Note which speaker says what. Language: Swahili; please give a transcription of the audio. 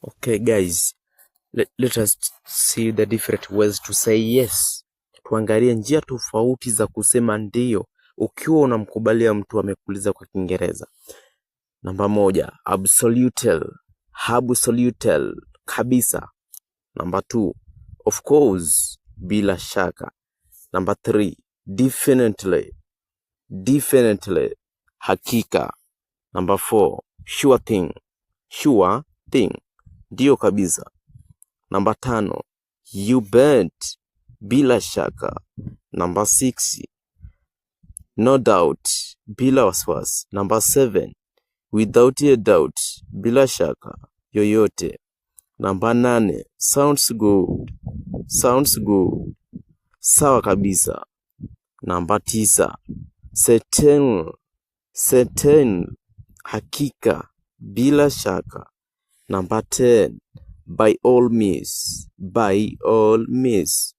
Speaker 1: Okay guys, let, let us see the different ways to say yes. Tuangalie njia tofauti za kusema ndio ukiwa unamkubalia mtu amekuuliza kwa Kiingereza. Namba moja, absolutely. absolutel, kabisa. Namba two, of course, bila shaka. Namba three, definitely, definitely, hakika. Namba four, sure thing, sure thing. Ndiyo kabisa. Namba tano, you bet, bila shaka. Namba six, no doubt, bila wasiwasi. Namba seven, without a doubt, bila shaka yoyote. Namba nane, sounds good, sounds good, sawa kabisa. Namba tisa, certain, certain, hakika, bila shaka. Number 10. By all means. By all means.